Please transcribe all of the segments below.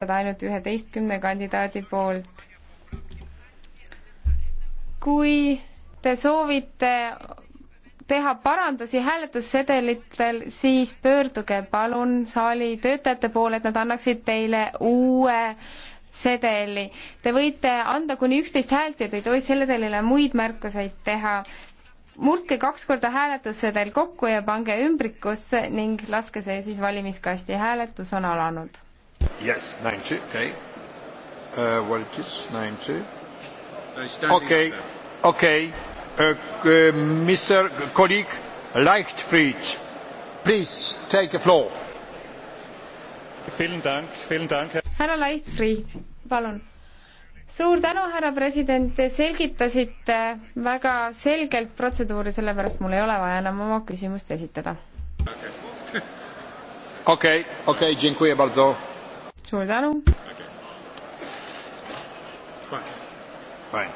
hääletada ainult üheteistkümne kandidaadi poolt. kui te soovite teha parandusi hääletussedelitel, siis pöörduge palun saali töötajate poole, et nad annaksid teile uue sedeli. Te võite anda kuni üksteist häält ja te ei tohi sedelile muid märkuseid teha. murdke kaks korda hääletussedel kokku ja pange ümbrikusse ning laske see siis valimiskasti. hääletus on alanud Yes, 90, okay. Uh, what it is, 90. Okay, okay. Uh, uh, um, Mr. Colleague Leichtfried, please take the floor. Vielen Dank, vielen Dank. härra Leichtfried, palun. suur tänu, härra president, te selgitasite väga selgelt protseduuri, sellepärast mul ei ole vaja enam oma küsimust esitada. okei, okei, dziękuję bardzo suur tänu okay.. Fine.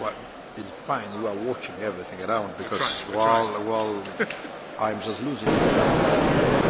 Well, it's fine. You are watching everything around because we're trying, we're while, trying. while I'm just losing.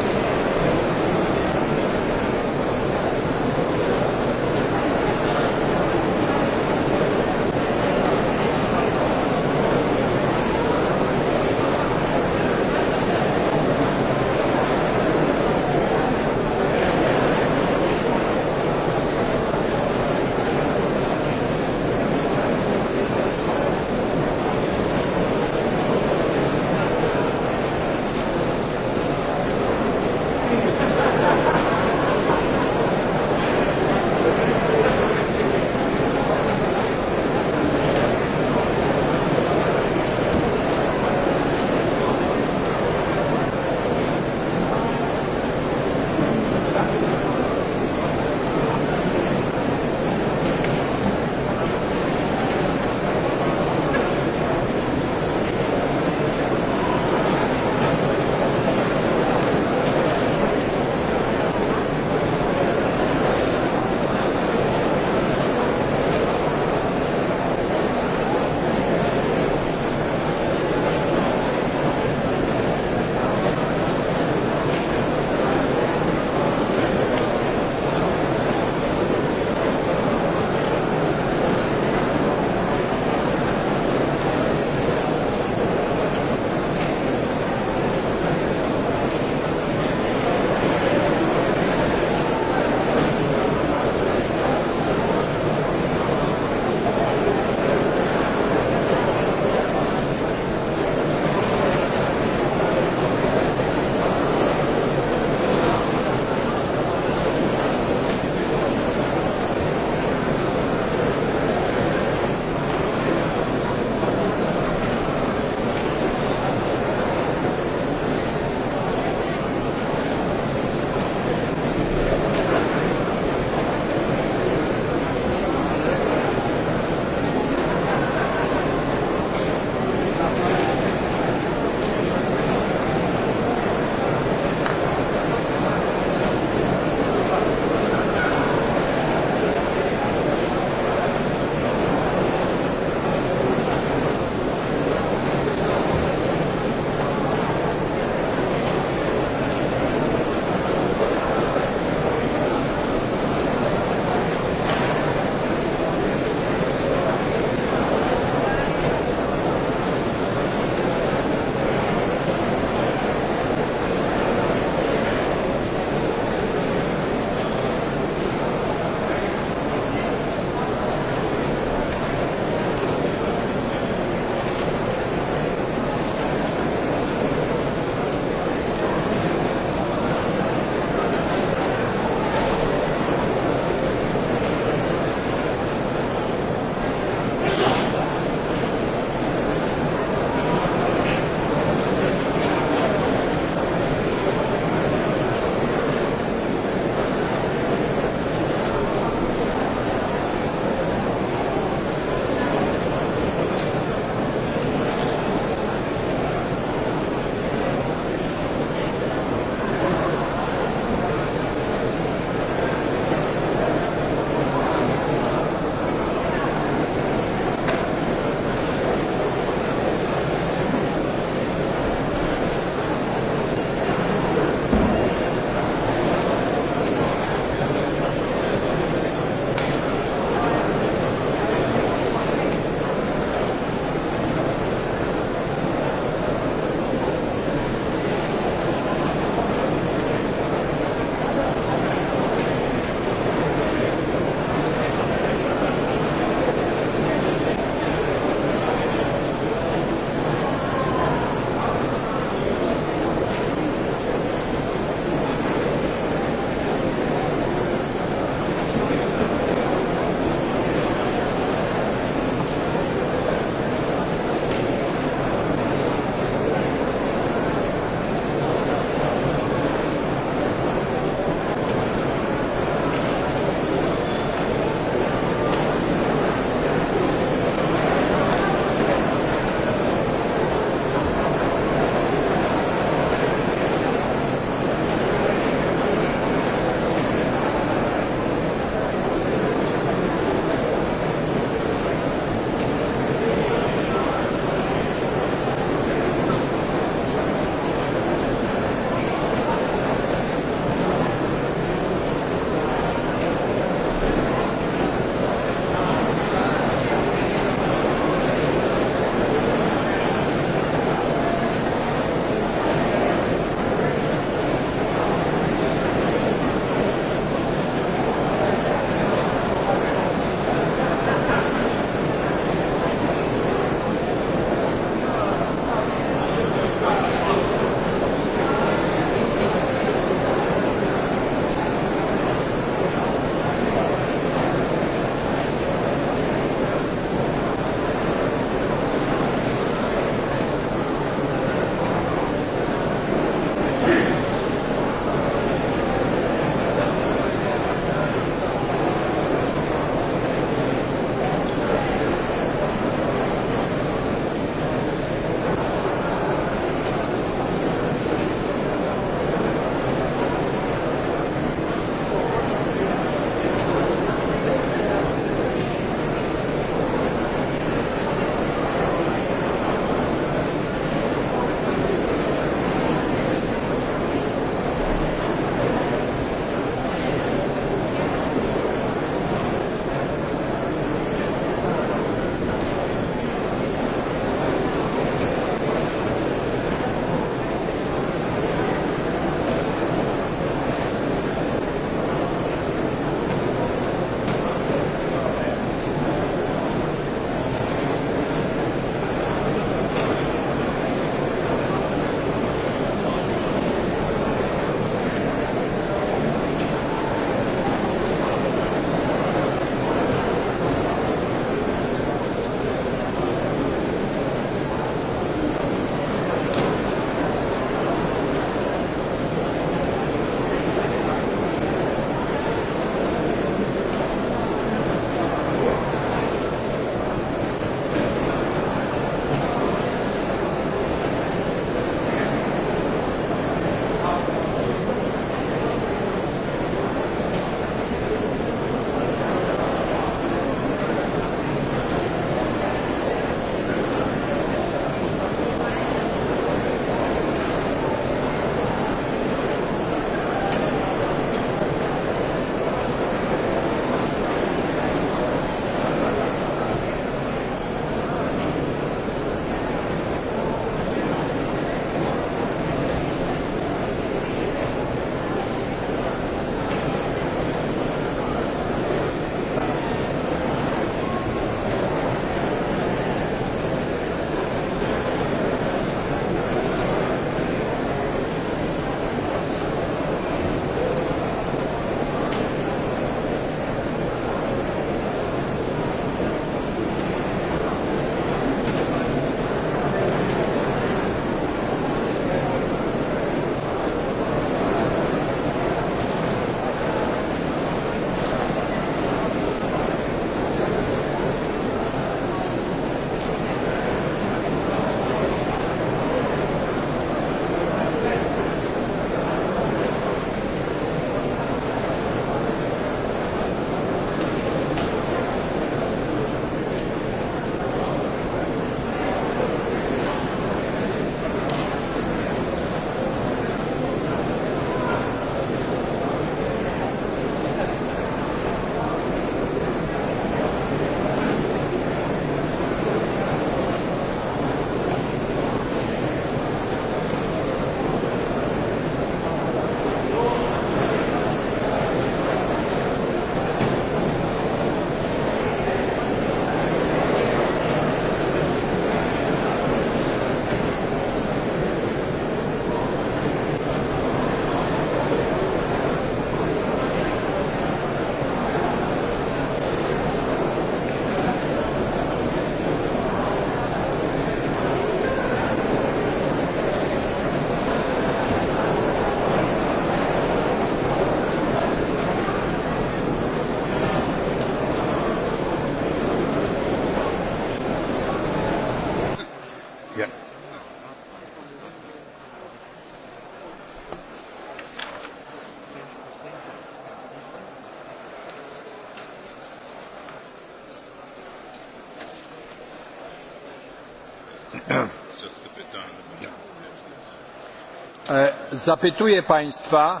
zapytuję państwa,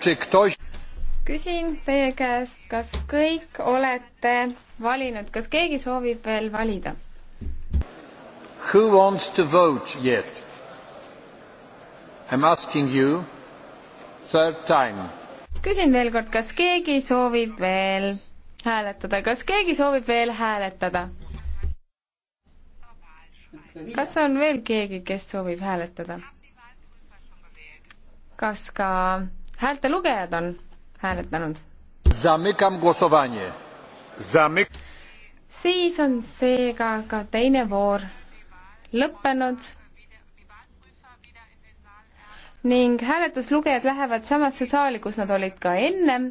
czy ktoś... Küsin teie käest, kas kõik olete valinud, kas keegi soovib veel valida? Who wants to vote yet? I am asking you third time. küsin veel kord, kas keegi soovib veel hääletada, kas keegi soovib veel hääletada? kas on veel keegi, kes soovib hääletada? kas ka häälte lugejad on hääletanud? Zamyk... siis on seega ka teine voor lõppenud ning hääletuslugejad lähevad samasse saali, kus nad olid ka ennem,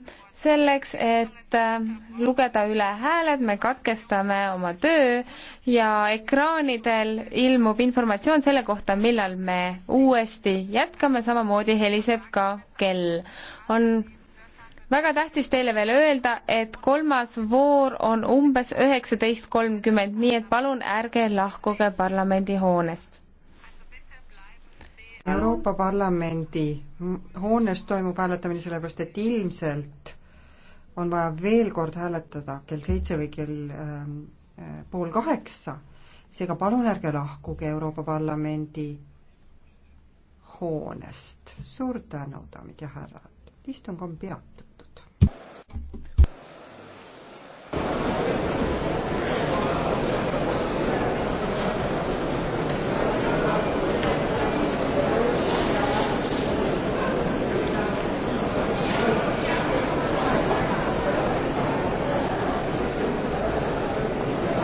selleks, et äh, lugeda üle hääled, me katkestame oma töö ja ekraanidel ilmub informatsioon selle kohta, millal me uuesti jätkame, samamoodi heliseb ka kell. on väga tähtis teile veel öelda, et kolmas voor on umbes üheksateist kolmkümmend, nii et palun ärge lahkuge parlamendihoonest Euroopa Parlamendi hoones toimub hääletamine, sellepärast et ilmselt on vaja veel kord hääletada kell seitse või kell ähm, äh, pool kaheksa, seega palun ärge lahkuge Euroopa Parlamendi hoonest. suur tänu, daamid ja härrad, istung on peatatud.